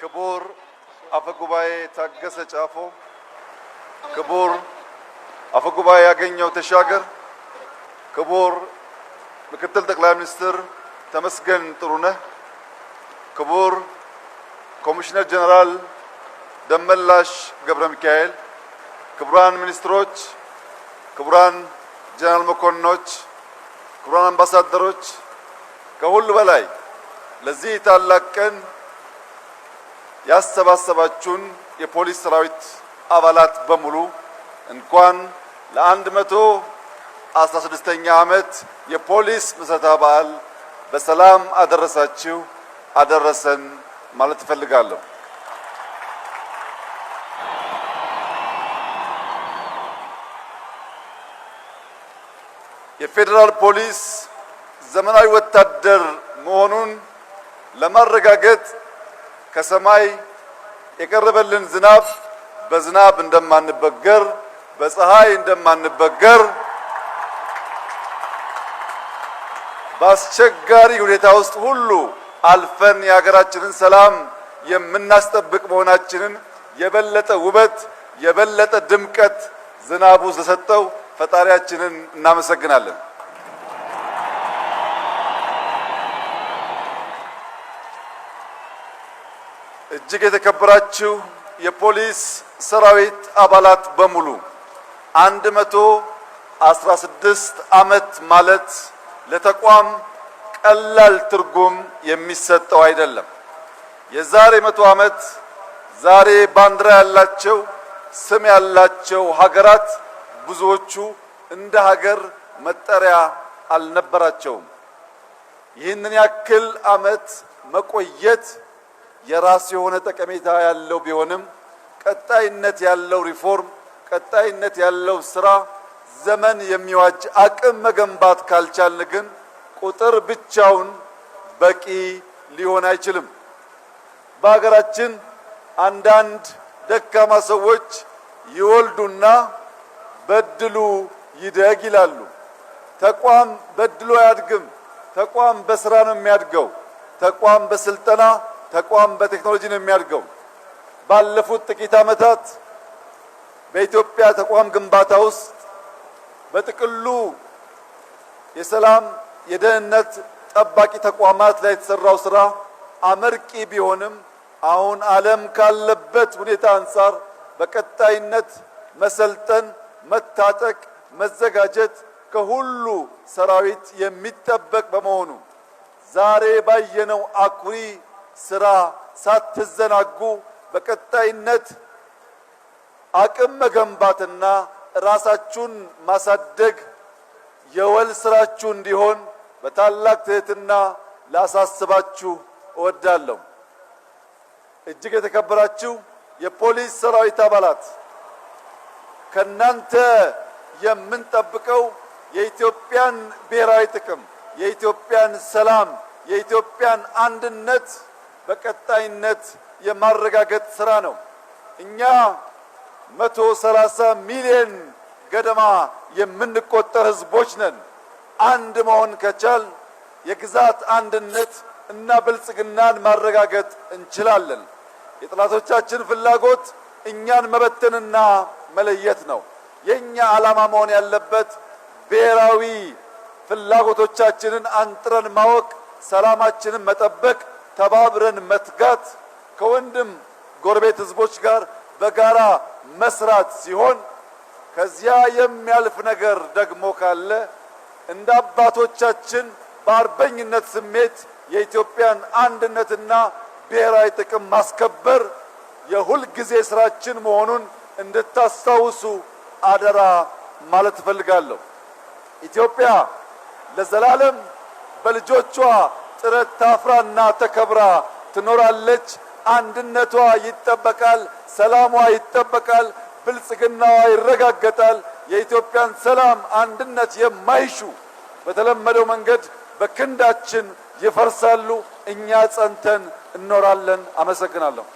ክቡር አፈ ጉባኤ ታገሰ ጫፎ፣ ክቡር አፈ ጉባኤ ያገኘው ተሻገር፣ ክቡር ምክትል ጠቅላይ ሚኒስትር ተመስገን ጥሩነህ፣ ክቡር ኮሚሽነር ጀነራል ደመላሽ ገብረ ሚካኤል፣ ክቡራን ሚኒስትሮች፣ ክቡራን ጀነራል መኮንኖች፣ ክቡራን አምባሳደሮች፣ ከሁሉ በላይ ለዚህ ታላቅ ቀን ያሰባሰባችሁን የፖሊስ ሰራዊት አባላት በሙሉ እንኳን ለአንድ መቶ አስራ ስድስተኛ ዓመት የፖሊስ ምስረታ በዓል በሰላም አደረሳችሁ አደረሰን ማለት እፈልጋለሁ። የፌዴራል ፖሊስ ዘመናዊ ወታደር መሆኑን ለማረጋገጥ ከሰማይ የቀረበልን ዝናብ በዝናብ እንደማንበገር በፀሐይ እንደማንበገር በአስቸጋሪ ሁኔታ ውስጥ ሁሉ አልፈን የሀገራችንን ሰላም የምናስጠብቅ መሆናችንን የበለጠ ውበት የበለጠ ድምቀት ዝናቡ ስለሰጠው ፈጣሪያችንን እናመሰግናለን። እጅግ የተከበራችሁ የፖሊስ ሰራዊት አባላት በሙሉ አንድ መቶ አስራ ስድስት ዓመት ማለት ለተቋም ቀላል ትርጉም የሚሰጠው አይደለም። የዛሬ መቶ ዓመት ዛሬ ባንዲራ ያላቸው ስም ያላቸው ሀገራት ብዙዎቹ እንደ ሀገር መጠሪያ አልነበራቸውም። ይህንን ያክል ዓመት መቆየት የራስ የሆነ ጠቀሜታ ያለው ቢሆንም ቀጣይነት ያለው ሪፎርም፣ ቀጣይነት ያለው ስራ፣ ዘመን የሚዋጅ አቅም መገንባት ካልቻልን ግን ቁጥር ብቻውን በቂ ሊሆን አይችልም። በሀገራችን አንዳንድ ደካማ ሰዎች ይወልዱና በድሉ ይደግ ይላሉ። ተቋም በድሉ አያድግም። ተቋም በስራ ነው የሚያድገው። ተቋም በስልጠና ተቋም በቴክኖሎጂ ነው የሚያድገው። ባለፉት ጥቂት ዓመታት በኢትዮጵያ ተቋም ግንባታ ውስጥ በጥቅሉ የሰላም የደህንነት ጠባቂ ተቋማት ላይ የተሰራው ስራ አመርቂ ቢሆንም አሁን ዓለም ካለበት ሁኔታ አንጻር በቀጣይነት መሰልጠን፣ መታጠቅ፣ መዘጋጀት ከሁሉ ሰራዊት የሚጠበቅ በመሆኑ ዛሬ ባየነው አኩሪ ስራ ሳትዘናጉ በቀጣይነት አቅም መገንባትና ራሳችሁን ማሳደግ የወል ስራችሁ እንዲሆን በታላቅ ትህትና ላሳስባችሁ እወዳለሁ። እጅግ የተከበራችሁ የፖሊስ ሰራዊት አባላት ከናንተ የምንጠብቀው የኢትዮጵያን ብሔራዊ ጥቅም፣ የኢትዮጵያን ሰላም፣ የኢትዮጵያን አንድነት በቀጣይነት የማረጋገጥ ስራ ነው። እኛ መቶ ሰላሳ ሚሊዮን ገደማ የምንቆጠር ህዝቦች ነን። አንድ መሆን ከቻል የግዛት አንድነት እና ብልጽግናን ማረጋገጥ እንችላለን። የጠላቶቻችን ፍላጎት እኛን መበተንና መለየት ነው። የኛ ዓላማ መሆን ያለበት ብሔራዊ ፍላጎቶቻችንን አንጥረን ማወቅ፣ ሰላማችንን መጠበቅ ተባብረን መትጋት ከወንድም ጎረቤት ህዝቦች ጋር በጋራ መስራት ሲሆን ከዚያ የሚያልፍ ነገር ደግሞ ካለ እንደ አባቶቻችን በአርበኝነት ስሜት የኢትዮጵያን አንድነትና ብሔራዊ ጥቅም ማስከበር የሁል ጊዜ ስራችን መሆኑን እንድታስታውሱ አደራ ማለት እፈልጋለሁ። ኢትዮጵያ ለዘላለም በልጆቿ ጥረት ታፍራና ተከብራ ትኖራለች። አንድነቷ ይጠበቃል፣ ሰላሟ ይጠበቃል፣ ብልጽግናዋ ይረጋገጣል። የኢትዮጵያን ሰላም አንድነት የማይሹ በተለመደው መንገድ በክንዳችን ይፈርሳሉ። እኛ ጸንተን እኖራለን። አመሰግናለሁ።